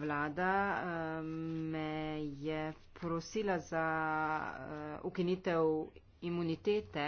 vlada eh, me je prosila za eh, ukinitev imunitete.